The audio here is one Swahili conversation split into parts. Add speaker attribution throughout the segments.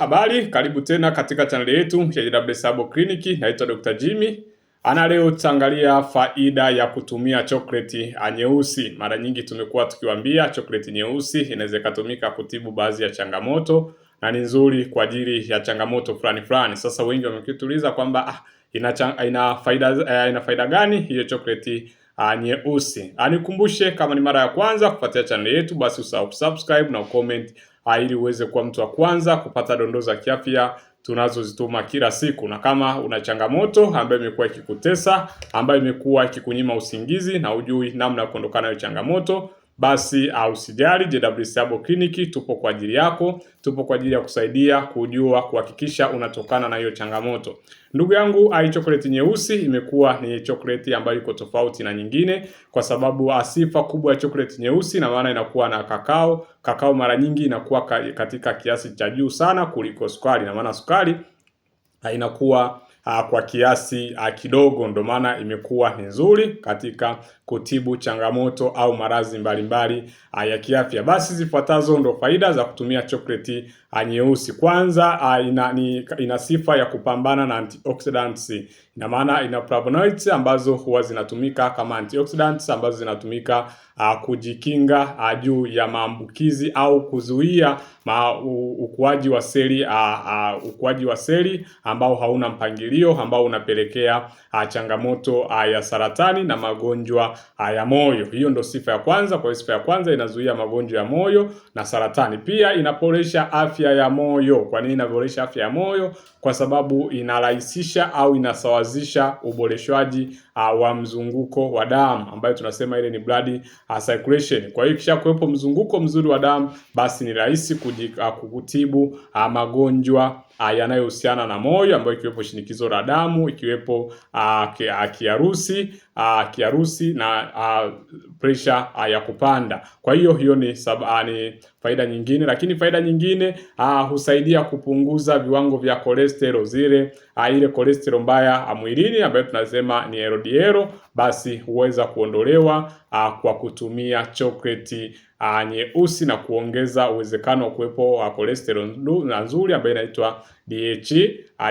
Speaker 1: habari, karibu tena katika chaneli yetu ya JW Sabo Clinic. Naitwa Dr. Jimmy. Ana leo tutaangalia faida ya kutumia chokleti ah, nyeusi. Mara nyingi tumekuwa tukiwaambia chokleti nyeusi inaweza ikatumika kutibu baadhi ya changamoto na ni nzuri kwa ajili ya changamoto fulani fulani. Sasa wengi wamekituliza kwamba ah, ina, ina faida eh, ina faida gani hiyo chokleti ah, nyeusi? Anikumbushe ah, kama ni mara ya kwanza kufuatia chaneli yetu, basi usahau kusubscribe na ucomment Ah, ili uweze kuwa mtu wa kwanza kupata dondoo za kiafya tunazozituma kila siku. Na kama una changamoto ambayo imekuwa ikikutesa, ambayo imekuwa ikikunyima usingizi na hujui namna ya kuondokana nayo changamoto basi ah, usijali. JW Sabo Clinic tupo kwa ajili yako, tupo kwa ajili ya kusaidia kujua, kuhakikisha unatokana na hiyo changamoto. Ndugu yangu, ai, ah, chokoleti nyeusi imekuwa ni chokoleti ambayo iko tofauti na nyingine, kwa sababu ah, sifa kubwa ya chokoleti nyeusi na maana inakuwa na kakao. Kakao mara nyingi inakuwa katika kiasi cha juu sana kuliko sukari, na maana sukari inakuwa Ah, kwa kiasi ah, kidogo, ndo maana imekuwa ni nzuri katika kutibu changamoto au maradhi mbalimbali ah, ya kiafya. Basi zifuatazo ndo faida za kutumia chokleti nyeusi. Kwanza ina, ni, ina sifa ya kupambana na antioxidants, ina maana ina flavonoids ambazo huwa zinatumika kama antioxidants ambazo zinatumika kujikinga juu ya maambukizi au kuzuia ma, u, ukuaji wa seli ukuaji wa seli ambao hauna mpangilio ambao unapelekea a, changamoto a, ya saratani na magonjwa a, ya moyo. Hiyo ndo sifa ya kwanza. Kwa hiyo sifa ya kwanza inazuia magonjwa ya moyo na saratani. Pia inaboresha afya ya moyo. Kwa nini inaboresha afya ya moyo? Kwa sababu inarahisisha au inasawazisha uboreshwaji wa mzunguko wa damu ambayo tunasema ile ni blood uh, circulation. Kwa hiyo kuwepo mzunguko mzuri wa damu, basi ni rahisi kutibu uh, ah, magonjwa Ah, yanayohusiana na moyo ambayo ikiwepo shinikizo la damu, ikiwepo uh, kiharusi kiharusi na a, pressure a, ya kupanda. Kwa hiyo hiyo ni, sab, a, ni faida nyingine, lakini faida nyingine a, husaidia kupunguza viwango vya cholesterol zile a, ile cholesterol mbaya mwilini ambayo tunasema ni LDL, basi huweza kuondolewa a, kwa kutumia chocolate nyeusi na kuongeza uwezekano wa kuwepo wa cholesterol nzuri ambayo inaitwa DH,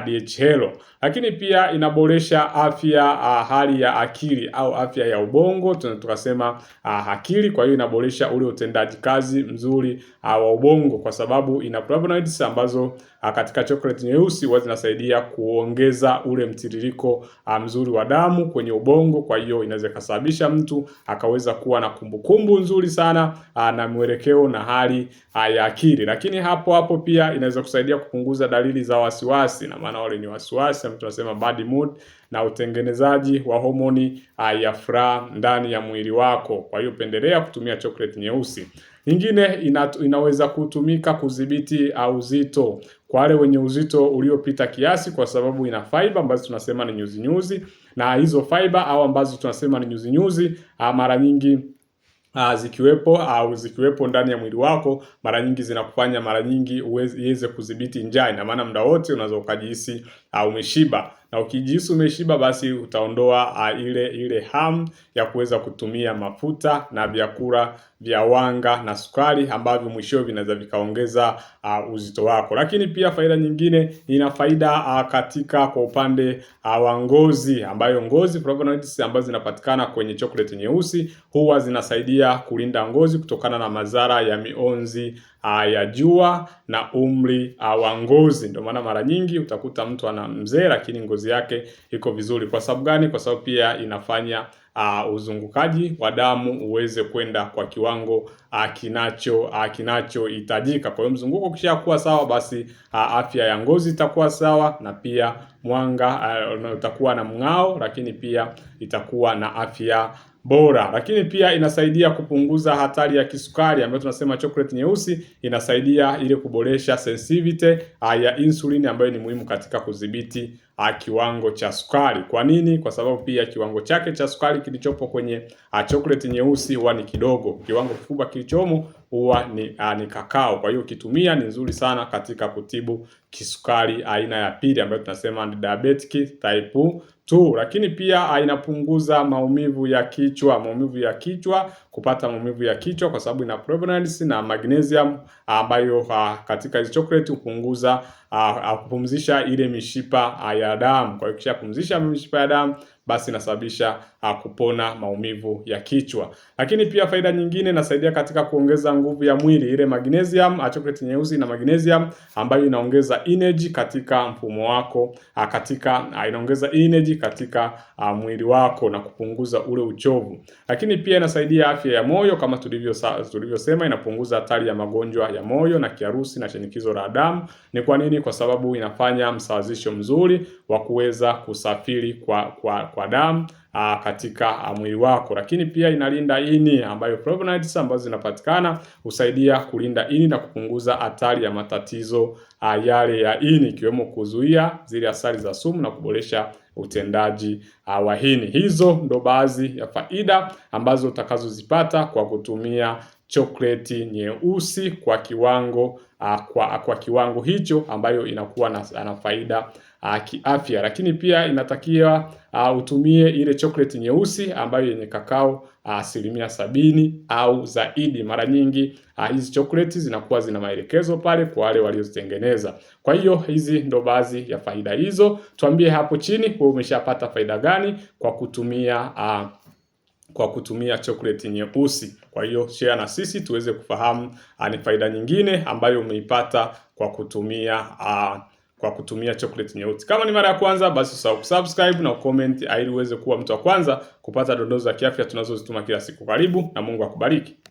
Speaker 1: DHL. Lakini pia inaboresha afya hali ya akili au afya ya ubongo, tunatukasema tukasema akili. Kwa hiyo inaboresha ule utendaji kazi mzuri wa ubongo, kwa sababu ina flavonoids ambazo katika chocolate nyeusi huwa zinasaidia kuongeza ule mtiririko mzuri wa damu kwenye ubongo. Kwa hiyo inaweza ikasababisha mtu akaweza kuwa na kumbukumbu nzuri sana. Ah, na mwelekeo na hali ah, ya akili. Lakini hapo hapo pia inaweza kusaidia kupunguza dalili za wasiwasi, na maana wale ni wasiwasi mtu anasema bad mood, na utengenezaji wa homoni ah, ya furaha ndani ya mwili wako. Kwa hiyo pendelea kutumia chocolate nyeusi. Nyingine ina, inaweza kutumika kudhibiti uzito kwa wale wenye uzito uliopita kiasi, kwa sababu ina fiber ambazo tunasema ni nyuzi nyuzi, na hizo fiber au ambazo tunasema ni nyuzi nyuzi mara nyingi uh, zikiwepo au uh, zikiwepo ndani ya mwili wako, mara nyingi zinakufanya mara nyingi iweze kudhibiti njaa. Ina maana muda wote unaweza ukajihisi uh, umeshiba na ukijisu umeshiba basi utaondoa uh, ile ile hamu ya kuweza kutumia mafuta na vyakula vya wanga na sukari ambavyo mwishowe vinaweza vikaongeza uh, uzito wako. Lakini pia faida nyingine ina faida uh, katika kwa upande uh, wa ngozi, ambayo ngozi flavonoids ambazo zinapatikana kwenye chocolate nyeusi huwa zinasaidia kulinda ngozi kutokana na madhara ya mionzi uh, ya jua na umri uh, wa ngozi. Ndio maana mara nyingi utakuta mtu ana na mzee, lakini ngozi yake iko vizuri. Kwa sababu gani? Kwa sababu pia inafanya uh, uzungukaji wa damu uweze kwenda kwa kiwango uh, kinacho uh, kinachohitajika. Kwa hiyo mzunguko ukishakuwa sawa, basi uh, afya ya ngozi itakuwa sawa na pia mwanga uh, utakuwa na mng'ao, lakini pia itakuwa na afya bora, lakini pia inasaidia kupunguza hatari ya kisukari ambayo tunasema chocolate nyeusi inasaidia ile kuboresha sensitivity ah, ya insulin ambayo ni muhimu katika kudhibiti a, kiwango cha sukari. Kwa nini? Kwa sababu pia kiwango chake cha sukari kilichopo kwenye a, chocolate nyeusi huwa ni kidogo, kiwango kikubwa kilichomo huwa ni, ni kakao. Kwa hiyo ukitumia ni nzuri sana katika kutibu kisukari aina ya pili ambayo tunasema ni diabetic type 2, lakini pia inapunguza maumivu ya kichwa, maumivu ya kichwa, kupata maumivu ya kichwa kwa sababu ina provenance na magnesium ambayo katika hizi chocolate hupunguza kupumzisha ile mishipa ah, ya damu. Kwa hiyo ukishapumzisha mishipa ya damu basi inasababisha ah, kupona maumivu ya kichwa. Lakini pia faida nyingine inasaidia katika kuongeza nguvu ya mwili, ile magnesium, ah, chocolate nyeusi na magnesium ambayo inaongeza energy katika mfumo wako, ah, katika inaongeza energy katika mwili wako na kupunguza ule uchovu. Lakini pia inasaidia afya ya moyo kama tulivyo tulivyosema, inapunguza hatari ya magonjwa ya moyo na kiharusi na shinikizo la damu. Ni kwa nini? Kwa sababu inafanya msawazisho mzuri wa kuweza kusafiri kwa, kwa, kwa kwa damu ah, katika ah, mwili wako, lakini pia inalinda ini, ambayo flavonoids ambazo zinapatikana husaidia kulinda ini na kupunguza hatari ya matatizo ah, yale ya ini, ikiwemo kuzuia zile asari za sumu na kuboresha utendaji wa ini. Hizo ndo baadhi ya faida ambazo utakazozipata kwa kutumia chokleti nyeusi kwa kiwango kwa, kwa kiwango hicho ambayo inakuwa na, na faida uh, ah, kiafya, lakini pia inatakiwa uh, utumie ile chocolate nyeusi ambayo yenye kakao ah, asilimia uh, sabini au zaidi. Mara nyingi hizi uh, chocolate zinakuwa zina maelekezo pale kwa wale waliozitengeneza. Kwa hiyo hizi ndo baadhi ya faida hizo. Tuambie hapo chini wewe umeshapata faida gani kwa kutumia uh, kwa kutumia chocolate nyeusi. Kwa hiyo share na sisi tuweze kufahamu ni faida nyingine ambayo umeipata kwa kutumia uh, kwa kutumia chocolate nyeusi. Kama ni mara ya kwanza, basi usahau kusubscribe na ucomment ili uweze kuwa mtu wa kwanza kupata dondoo za kiafya tunazozituma kila siku. Karibu na Mungu akubariki.